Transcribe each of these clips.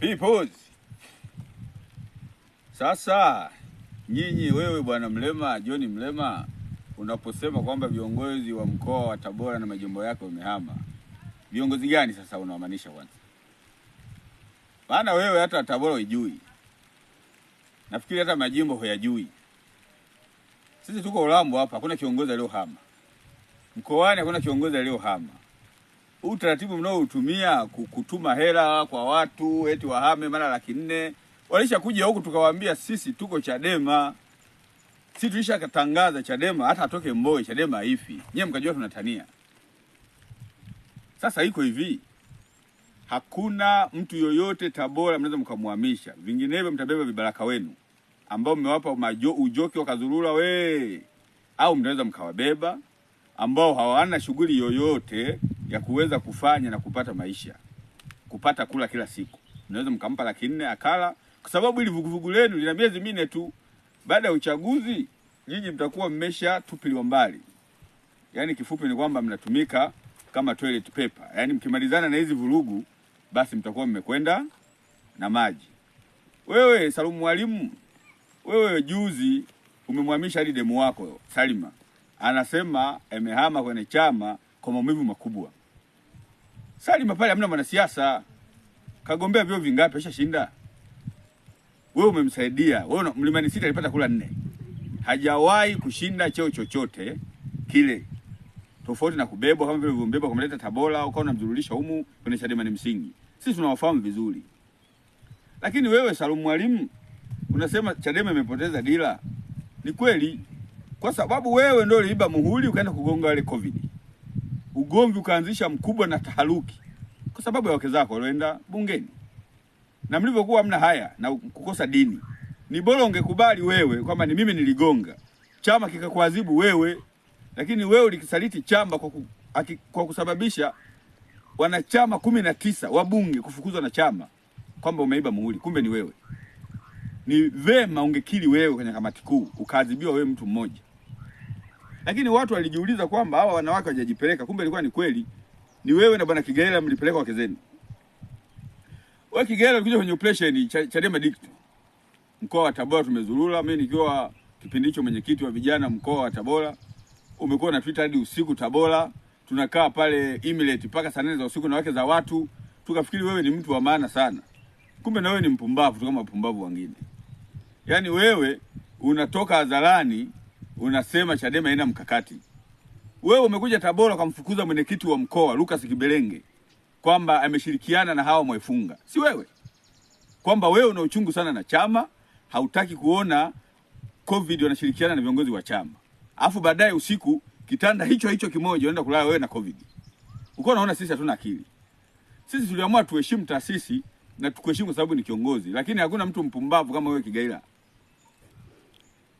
Peoples. Sasa nyinyi, wewe bwana Mlema, John Mlema, unaposema kwamba viongozi wa mkoa wa Tabora na majimbo yake wamehama, viongozi gani sasa unawamaanisha kwanza? Maana wewe hata Tabora hujui, nafikiri hata majimbo huyajui. Sisi tuko Urambo hapa, hakuna kiongozi aliyohama mkoani, hakuna kiongozi aliyohama utaratibu mnaoutumia kutuma hela kwa watu eti wahame mara laki nne, kuja huku tukawaambia sisi tuko Chadema, sisi tulishatangaza Chadema hata atoke Mbowe Chadema ifi nyie mkajua tunatania. Sasa iko hivi, hakuna mtu yoyote Tabora mnaweza mkamhamisha, vinginevyo mtabeba vibaraka wenu ambao mmewapa ujoki wakazurura we, au mnaweza mkawabeba ambao hawana shughuli yoyote ya kuweza kufanya na kupata maisha, kupata kula kila siku. Unaweza mkampa laki nne akala, kwa sababu ili vuguvugu lenu lina miezi minne tu. Baada ya uchaguzi, nyinyi mtakuwa mmesha tupiliwa mbali. Yaani kifupi ni kwamba mnatumika kama toilet paper. Yaani mkimalizana na hizi vurugu, basi mtakuwa mmekwenda na maji. Wewe Salumu Mwalimu, wewe juzi umemhamisha hadi demu wako Salima, anasema amehama kwenye chama kwa maumivu makubwa. Salima pale hamna mwanasiasa, kagombea vyo vingapi? Ashashinda. Wewe umemsaidia wewe. Mlimani sita alipata kula nne, hajawahi kushinda cheo chochote kile, tofauti na kubebwa kama vile vyombeba kumleta Tabora, ukawa unamzurulisha humu kwenye Chadema ni msingi. Sisi tunawafahamu vizuri, lakini wewe Salum Mwalimu unasema Chadema imepoteza dira. Ni kweli, kwa sababu wewe ndio uliiba muhuri ukaenda kugonga wale Covid ugomvi ukaanzisha mkubwa na taharuki kwa sababu ya wake zako walioenda bungeni, na mlivyokuwa mna haya na kukosa dini. Ni bora ungekubali wewe kwamba ni mimi niligonga chama kikakuadhibu wewe, lakini wewe ulikisaliti chama kwa, ku, kwa kusababisha wanachama kumi na tisa wa bunge kufukuzwa na chama kwamba umeiba muhuri, kumbe ni wewe. Ni vema ungekili wewe kwenye kamati kuu, ukaadhibiwa wewe mtu mmoja. Lakini watu walijiuliza kwamba hawa wanawake wajajipeleka, kumbe ilikuwa ni kweli, ni wewe na bwana Kigela mlipeleka wake zenu. Wewe Kigela ulikuja kwenye operation cha Chadema Dict mkoa wa Tabora, tumezurura mimi nikiwa kipindi hicho mwenyekiti wa vijana mkoa wa Tabora, umekuwa na Twitter hadi usiku Tabora, tunakaa pale Emirates mpaka saa nane za usiku na wake za watu, tukafikiri wewe ni mtu wa maana sana, kumbe na wewe ni mpumbavu tu kama wapumbavu wengine. Yaani wewe unatoka hadharani unasema Chadema haina mkakati. Wewe umekuja Tabora ukamfukuza mwenyekiti wa mkoa Lucas Kibelenge kwamba ameshirikiana na hawa Mwaifunga, si wewe? Kwamba wewe una uchungu sana na chama, hautaki kuona Covid wanashirikiana na viongozi wa chama, alafu baadaye usiku kitanda hicho hicho kimoja unaenda kulala wewe na Covid. Uko unaona sisi hatuna akili. Sisi tuliamua tuheshimu taasisi na tukuheshimu kwa sababu ni kiongozi, lakini hakuna mtu mpumbavu kama wewe Kigaila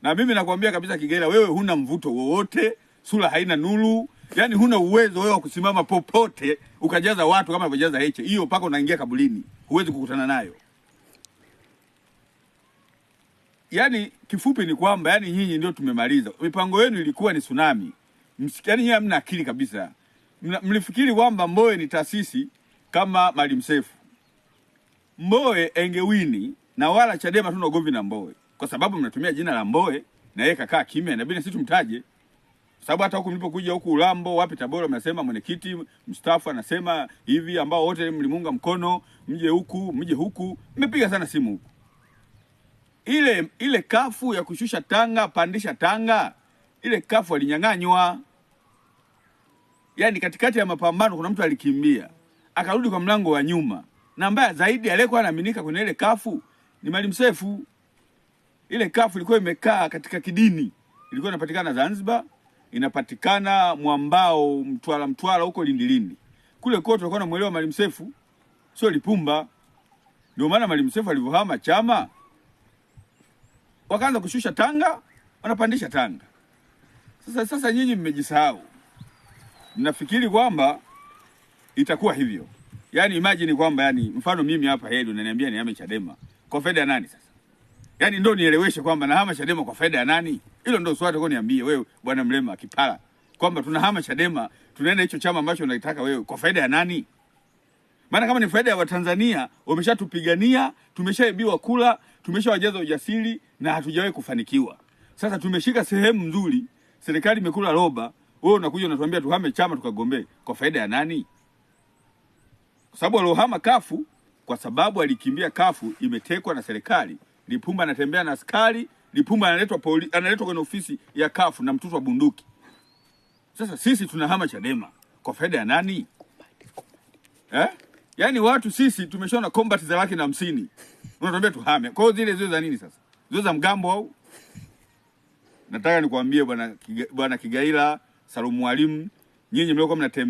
na mimi nakwambia kabisa Kigela, wewe huna mvuto wowote, sura haina nuru, yani huna uwezo wewe wa kusimama popote ukajaza watu kama unajaza Heche. Hiyo paka unaingia kabulini, huwezi kukutana nayo. Yani kifupi ni kwamba yani nyinyi ndio tumemaliza mipango yenu, ilikuwa ni tsunami. Yani nyinyi hamna akili kabisa, mlifikiri kwamba Mbowe ni taasisi kama Maalim Seif. Mbowe engewini na wala Chadema tuna ugomvi na Mbowe kwa sababu mnatumia jina la Mboe na yeye kakaa kimya, inabidi sisi tumtaje, sababu hata huku mlipokuja huku Ulambo wapi Tabora, mnasema mwenyekiti mstaafu anasema hivi, ambao wote mlimunga mkono, mje huku, mje huku, mmepiga sana simu huku. Ile ile kafu ya kushusha tanga, pandisha tanga, ile kafu alinyang'anywa. Yaani katikati ya mapambano kuna mtu alikimbia akarudi kwa mlango wa nyuma, na mbaya zaidi aliyekuwa anaaminika kwenye ile kafu ni Mwalimu Sefu. Ile kafu ilikuwa imekaa katika kidini, ilikuwa inapatikana Zanzibar, inapatikana mwambao Mtwara, Mtwara huko Lindilindi kule kote, walikuwa namuelewa Mwalimu Sefu, sio Lipumba. Ndio maana Mwalimu Sefu alivyohama chama, wakaanza kushusha Tanga, wanapandisha Tanga. Sasa sasa nyinyi mmejisahau, nafikiri kwamba itakuwa hivyo. Yani imagine kwamba yani, mfano mimi hapa Hedu naniambia niame Chadema kwa faida nani sasa? Yaani ndo nieleweshe kwamba nahama Chadema kwa faida ya nani? Hilo ndo swali uko niambie wewe bwana Mrema Kipala kwamba tunahama Chadema tunaenda hicho chama ambacho unakitaka wewe kwa faida ya nani? Maana kama ni faida ya Watanzania wameshatupigania, tumeshaibiwa kula, tumeshawajaza ujasiri na hatujawahi kufanikiwa. Sasa tumeshika sehemu nzuri, serikali imekula roba, wewe unakuja unatuambia tuhame chama tukagombee kwa faida ya nani? Kwa sababu alohama kafu kwa sababu alikimbia kafu imetekwa na serikali Lipumba anatembea na askari, Lipumba analetwa poli, analetwa kwenye ofisi ya kafu na mtoto wa bunduki. Sasa sisi tunahama Chadema kwa faida ya nani eh? Yaani watu sisi tumeshaona combat za laki na hamsini, unatuambia tuhame. Kwa hiyo zile zio za nini sasa, zio za mgambo au? Nataka nikwambie bwana Kigaila, salumu Mwalimu, nyinyi mlikuwa mnatembea